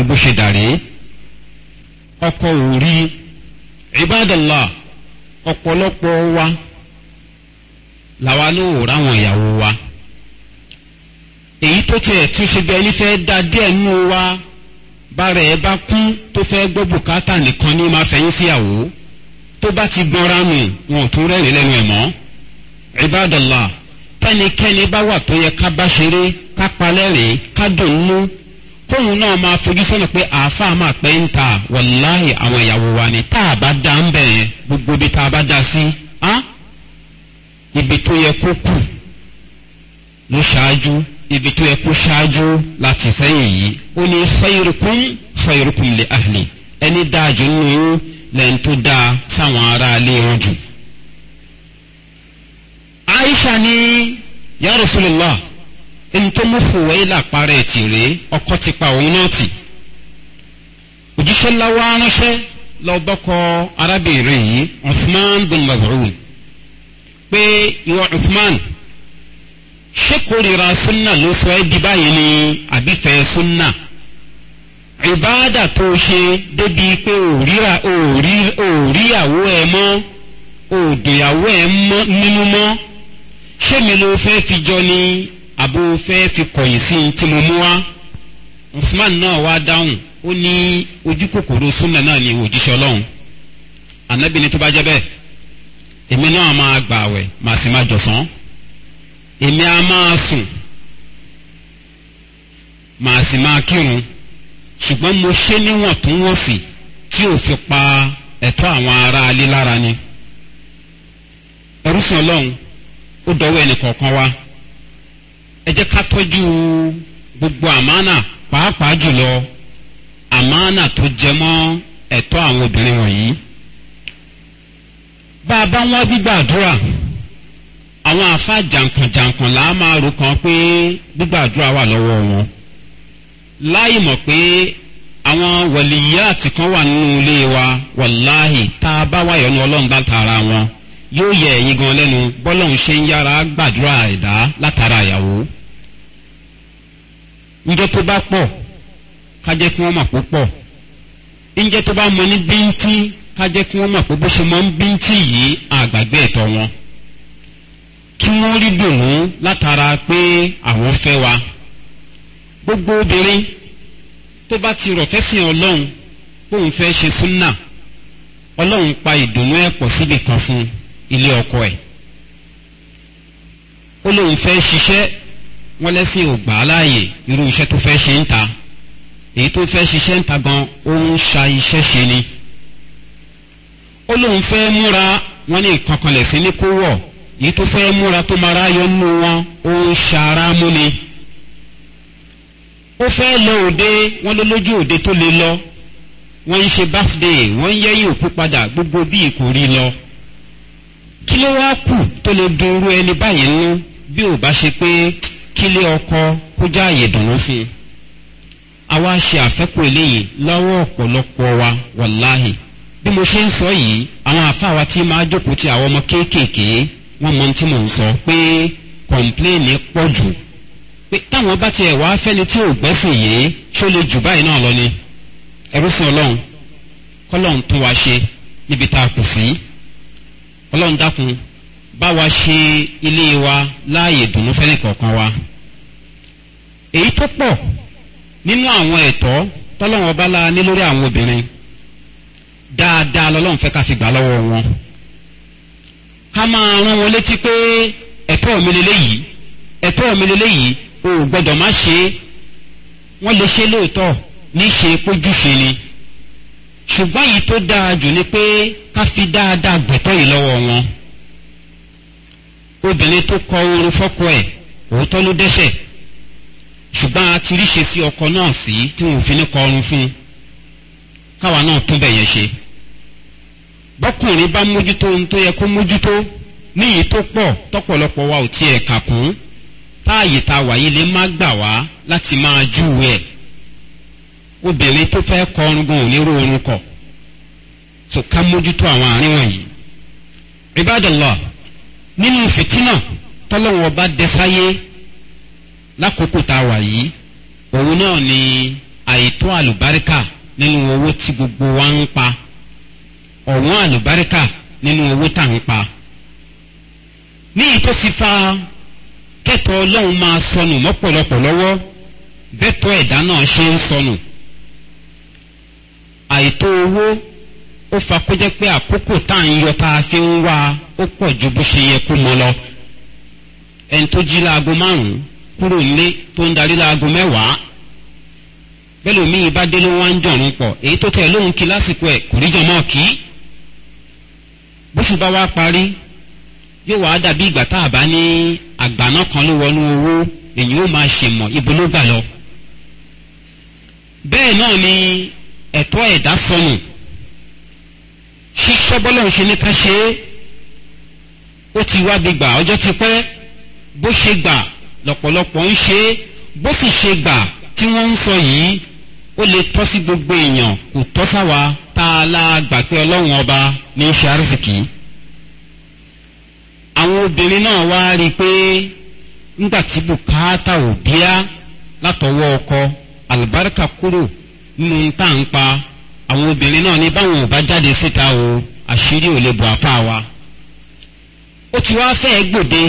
ní bó ṣe dàrí ọkọ ò rí ibadallah ọ̀pọ̀lọpọ̀ wa làwa ló wò ráwọn ìyàwó wa èyí tó tiẹ̀ tún ṣe bí ẹni fẹ́ da díẹ̀ nínú wa bára ẹ bá kú tó fẹ́ gbọ́ bùkátà nìkan ní máa fẹ́yìn síyàwó tó bá ti gbọ́nra nù wọn ò tún rẹ́rìn lẹ́nu ẹ̀ mọ́ ibadallah tẹ́nikẹ́ni bá wà tó yẹ ká bá ṣeré ká palẹ́rìn ká dùn nú tóun náà máa fojú sọ́nà pé àáfàá máa pẹ́ ń ta wàláhì àwọn ìyàwó wa ni tá a bá dá ń bẹ̀ yẹn gbogbo ibi tá a bá dá sí ibi tó yẹ kó kù ló ṣáájú ibi tó yẹ kó ṣáájú láti sẹ́yìn yìí ó ní fẹ́yìrìkún fẹ́yìrìkún lè àhìlì ẹni dáa jù nínú yín lẹ́yìn tó dáa sáwọn aráalé wọn jù. aisha ni ya rasulillah ẹni tó mú fún wọ́n ilà parẹ́ tì rèé ọkọ ti pa òun náà tì òjíṣẹ́ ńlá wa ránṣẹ́ lọ bọ́kọ arábìnrin yìí usman bin mazrun pé ìwọ usman ṣé kórìíra sunna ló sọ ẹ́ di báyìí ni àbífẹ́ sunna ìbáàdà tó ṣe débi pé òríra òríyàwó ẹ mọ́ òdòyàwó ẹ nínú mọ́ ṣé mi ló fẹ́ fi jọ ni àbò fẹ́ fi kọ̀yìn sí tí mo mú wá usman náà wá dáhùn ó ní ojú kòkòrò súnà náà ní òjíṣẹ́ ọlọ́run ànábì ni tó bá jẹ́ bẹ́ẹ̀ èmi náà máa gbà àwẹ̀ màá sì máa jọ̀sán èmi á máa sùn màá sì máa kírun ṣùgbọ́n mo ṣe níwọ̀ntúnwọ̀nsì tí ò fi pa ẹ̀tọ́ àwọn ará alé lára ni ẹrú sí ọlọ́run ó dọwọ́ ẹnì kọ̀ọ̀kan wa ẹ jẹ́ ká tọ́jú gbogbo àmánà pàápàá jùlọ àmánà tó jẹ mọ́ ẹ̀tọ́ àwọn obìnrin wọ̀nyí. bá a bá wọn gbígbàdúrà àwọn àfa jàǹkànjàǹkàn là á máa rò kan pé gbígbàdúrà wà lọ́wọ́ wọn láì mọ̀ pé àwọn wọ̀lìyáàtì kan wà nínú ilé wa wàláhì tá a bá wáyọ̀ ní ọlọ́run bá tara wọn yóò yẹ ẹ̀yin gan lẹ́nu bọ́lọ́run ṣe ń yára gbàdúrà ẹ̀dá látara ìyàwó njẹ́ tó bá pọ̀ kájẹ́ kí wọ́n mà pó pọ̀ njẹ́ tó bá mọ ní bíntín kájẹ́ kí wọ́n mà pó bó ṣe mọ ní bíntín yìí àgbàgbé ẹ̀tọ́ wọn kí wọ́n rí dùnú látara pé àwọn fẹ́ wa gbogbo obìnrin tó bá ti rọ̀ fẹ́sìn ọlọ́run bóun fẹ́ ṣe súnà ọlọ́run pa ìdùnnú ẹ̀ pọ̀ síbi kan fún ilé ọkọ ẹ̀ ó lóun fẹ́ ṣiṣẹ́ wọ́n lẹ́sìn ò gbà á láàyè irú iṣẹ́ tó fẹ́ ṣe ń ta èyí tó fẹ́ ṣiṣẹ́ ń ta gan ó ń ṣa iṣẹ́ ṣe ni ó lóun fẹ́ múra wọ́n ní ìkankanlẹ̀ sí ní kó wọ̀ èyí tó fẹ́ múra tó mara yọ nínú wọn ó ń ṣara mú ni ó fẹ́ lọ òde wọ́n ló lójú òde tó le lọ wọ́n ń ṣe birthday wọ́n ń yẹ́yìn òkú padà gbogbo bí kò rí lọ kí ló wá kù tó lè dun irú ẹni báyìí nú bí ò bá ṣe pé kílé ọkọ kó já àyè dùnú fún un ṣe àfẹ́kù eléyìí lọ́wọ́ ọ̀pọ̀lọpọ̀ wa wàláhì bí mo ṣe ń sọ yìí àwọn àfáà wa tí máa jókòó ti àwọn ọmọ kéékèèké wọ́n mọ tí mò ń sọ pé kọ̀ǹpléènì pọ̀ jù pé táwọn bá wá fẹ́ni tí ò yìí ṣó lè jù báyìí náà lọ ni ẹrú fún ọlọ́run kọ́lọ́run ṣe níbi tá a kù sí ọlọ́run dákun wa ṣe ilé wa láàyè dùnú wa. èyí tó pọ̀ nínú àwọn ẹ̀tọ́ tọ́lọ́wọ́n bá la ní lórí àwọn obìnrin dáadáa lọ́lọ́run fẹ́ ká fi gbà lọ́wọ́ wọn ká máa rán wọn létí pé ẹ̀tọ́ mi lélẹ́yìí ẹ̀tọ́ mi lélẹ́yìí o ò gbọ́dọ̀ má ṣe é wọ́n lè ṣe lóòótọ́ níṣe pójúṣe ni ṣùgbọ́n èyí tó dáa jù ni pé ká fi dáadáa gbẹ̀tọ́ yìí lọ́wọ́ wọn obìnrin tó kọ oorun fọ́kọ ẹ̀ òótọ́ ló dẹ́sẹ̀ ṣùgbọ́n a ti ríṣe sí ọkọ náà sí tí wọn ò fi ní kọrun fún un káwa náà tún bẹ̀yẹn ṣe bọ́kùnrin bá mójútó ohun tó yẹ kó mójútó ní èyí tó pọ̀ tọ́pọ̀lọpọ̀ wa ò tiẹ̀ kà kún táàyè tá a wà yìí lè má gbà wá láti máa júwe ẹ̀ obìnrin tó fẹ́ kọrun gan òní rórun kọ̀ tó ká mójútó àwọn àárín wọ̀nyí ibadallah nínú fìtínà tọ́lọ́wọ́ bá dẹ lákòókò tá a wà yìí òun náà ni àìtó àlùbáríkà nínú owó tí gbogbo wa ń pa ọ̀wọ́n àlùbáríkà nínú owó tá à ń pa ní ìtò fífa kẹ́tọ̀ ọlọ́run máa sọnù mọ́pọ̀lọpọ̀ lọ́wọ́ bẹ́tọ̀ ẹ̀dá náà ṣe ń sọnù àìtó owó ó fa kó jẹ́ pé àkókò tá à ń yọ tá a fi ń wá ó pọ̀ ju bó ṣe yẹ kó mọ lọ ẹni tó jí láago márùn kúrò nílé tó ń darí láago mẹ́wàá bẹ́ẹ̀ mi ìbá dé ló wá ń jọ̀rún pọ̀ èyí tó tẹ̀ lóhun kí lásìkò ẹ̀ kò rí jọmọ́ kí bóṣù bá wá parí yóò wá dàbí ìgbà tá a bá ní àgbàná kan ló wọnú owó èyí ó máa ṣe mọ̀ ibo ló gbà lọ. bẹ́ẹ̀ náà ni ẹ̀tọ́ ẹ̀dá sọnù ṣíṣẹ́ bọ́lá ṣe ní ká ṣe é ó ti wá gbígbà ọjọ́ ti pẹ́ bó ṣe gbà lọ̀pọ̀lọpọ̀ ń ṣe bó sì ṣe gbà tí wọ́n ń sọ yìí ó lè tọ́ sí gbogbo èèyàn kò tọ́ sáwa tá a la gbà pé ọlọ́run ọba ní í ṣe àrísìkì. àwọn obìnrin náà wá rí i pé nígbà tí bùkátà ò bíá látọwọ́ ọkọ àlùbáríkà kúrò nínú tá à ń pa àwọn obìnrin náà ní báwọn ò bá jáde síta o àṣírí ò lè bọ̀ àfa wa. ó ti wá fẹ́ẹ́ gbòde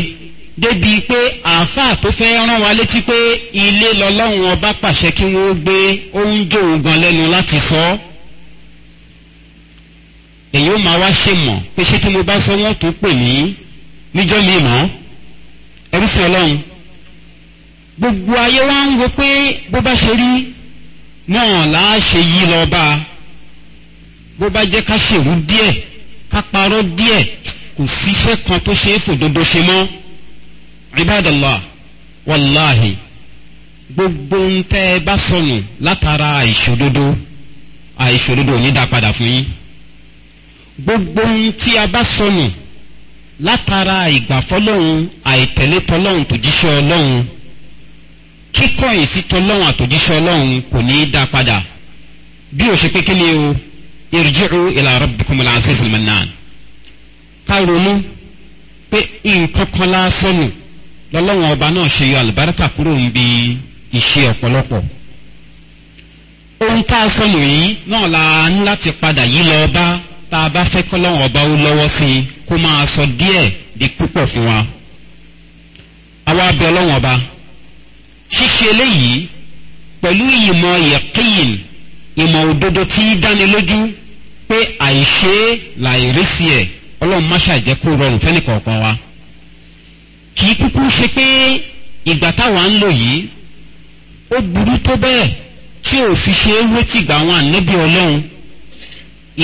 débi pé àáfàá tó fẹ́ rán wa létí pé ilé lọ́lọ́run ọba pàṣẹ kí wọ́n gbé oúnjẹ òun gan lẹ́nu láti fọ́ èyí ó máa wá ṣe mọ̀ pé ṣé tí mo bá sọ wọ́n tó pè mí níjọ́ mi mọ́ ẹrú sí ọlọ́run gbogbo ayé wa ń wo pé bó bá ṣe rí náà là á ṣe yí lọ bá a bó bá jẹ́ ká ṣèrú díẹ̀ ká parọ́ díẹ̀ kò síṣẹ́ kan tó ṣe é fòdodo ṣe mọ́ ibadallah wàláhì gbogbo ń tẹ́ ẹ bá sọnù látara àìṣòdodo àìṣòdodo ò ní dá padà fún yín gbogbo ń tí a bá sọnù látara ìgbàfọ́lọ́hún àìtẹ̀lé tọlọ́hún tòjíṣẹ́ ọlọ́hún kíkọ́ ìsí tọlọ́hún àtòjíṣẹ́ ọlọ́hún kò ní í dá padà bí o ṣe pé kí ni o irji'u ila rabbikumul azizil mannan ká ronú pé nǹkan kan la sọnù lọ́lọ́wọ́n ọba náà ṣe yọ àlùbáríkà kúrò ń bi ìṣe ọ̀pọ̀lọpọ̀ ohun tá a sọ lòyìn náà la ní láti padà yí lọ bá tá a bá fẹ́ kọ́lọ́wọ́n ọba ó lọ́wọ́ sí i kó máa sọ díẹ̀ di púpọ̀ fún wa àwa abẹ ọlọ́wọ́n ọba ṣíṣe eléyìí pẹ̀lú ìmọ̀ yẹ̀kín ìmọ̀ òdodo tí í dánilójú pé àìṣe làìrísí ẹ̀ ọlọ́run má ṣàjẹ́ kó rọrùn fẹ́nìkọ̀ọ̀kan wa kì í kúkú ṣe pé ìgbà táwa ń lò yìí ó burú tó bẹ́ẹ̀ tí ò fi ṣe é wé tìgbà àwọn ànábì ọlọ́run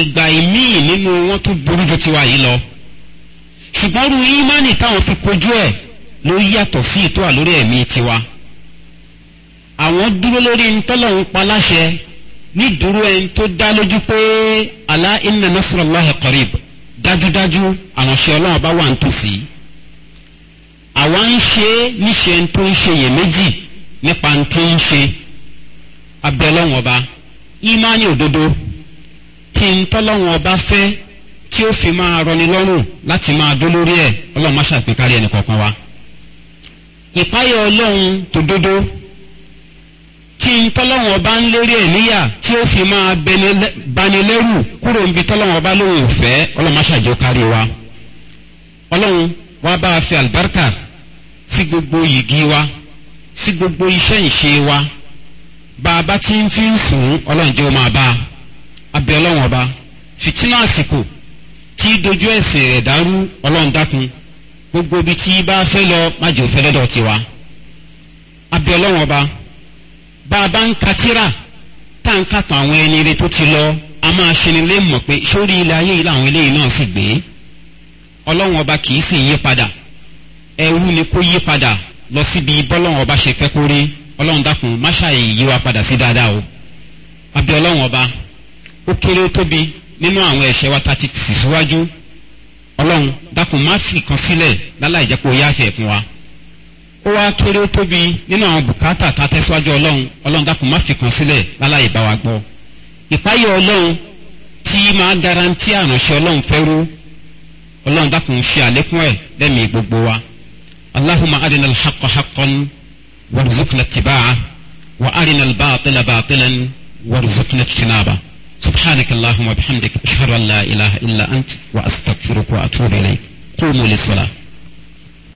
ìgbà ìmíì nínú wọn tó burú ju tiwa yìí lọ ṣùgbọ́n ru ímánì táwọn fi kojú ẹ̀ ló yàtọ̀ sí ìtọ́ àlórí ẹ̀mí tiwa àwọn dúró lórí ntọ́lọ́run pa láṣẹ nídúró ẹni tó dá lójú pé alá inna nasrallahi qarib dájúdájú àwọn ṣe ọlọ́run bá wà ń tòsí. Si àwa ń ṣe níṣe tó ń ṣe iyèméjì nípa tí ń ṣe abẹ́lọ́wọ̀n ọba ìmánì òdodo tí ń tọ́lọ́wọ̀n ọba fẹ́ tí ó fi máa rọni lọ́rùn láti máa dún lórí ẹ̀ ọlọ́run má ṣàpínkárí ẹnì kọ̀ọ̀kan wa ìpáyọ̀ ọlọ́run tòdodo tí ń tọ́lọ́wọ̀n ọba ń lérí ẹ̀ níyà tí ó fi máa banilẹ́rù kúrò níbi tọ́lọ́wọ̀n ọba lóhùn òfẹ́ ọlọ́run má ṣàjọ kárí wa ọlọ́run wá bá a fi àlùbáríkà sí gbogbo yìgì wa sí gbogbo iṣẹ́ ìṣe wa bá a bá ti ń fi ń sùn ọlọ́run jẹ́ ó máa bá a abẹ ọlọ́run ọba fìtínà àsìkò tí dojú ẹ̀sìn rẹ̀ dàrú ọlọ́run dákun gbogbo ibi tí bá a fẹ́ lọ má jẹ́ òfẹ́ lọ́dọ̀ tiwa ọlọ́run ọba bá ń ka tíra tá ń kàtàn àwọn ẹni rẹ tó ti lọ a máa ṣeni lé mọ̀ pé sórí ilé ayé yìí làwọn eléyìí náà sì gbé ọlọ́run ọba kì í sì yí padà ẹrú ni kó yí padà lọ síbi bọ́lọ́hún ọba ṣe fẹ́ kó rí ọlọ́run dákun má yí wa padà sí dáadáa o àbí ọlọ́run ọba ó kéré ó tóbi nínú àwọn ẹ̀ṣẹ̀ wa ta ti sì síwájú ọlọ́run dákun fi kan sílẹ̀ láláì jẹ́ kó yáfẹ́ fún wa ó wá kéré ó tóbi nínú ta tẹ́síwájú ọlọ́run ọlọ́run dákun má fi kan sílẹ̀ láláì bá wa gbọ́ ọlọ́run tí máa garanti àránṣẹ́ ọlọ́run fẹ́ ọlọ́run dákun ṣe àlékún ẹ̀ gbogbo wa. اللهم أرنا الحق حقا وارزقنا اتباعه وأرنا الباطل باطلا وارزقنا اجتنابه سبحانك اللهم وبحمدك أشهد أن لا إله إلا أنت وأستغفرك وأتوب إليك قوموا للصلاة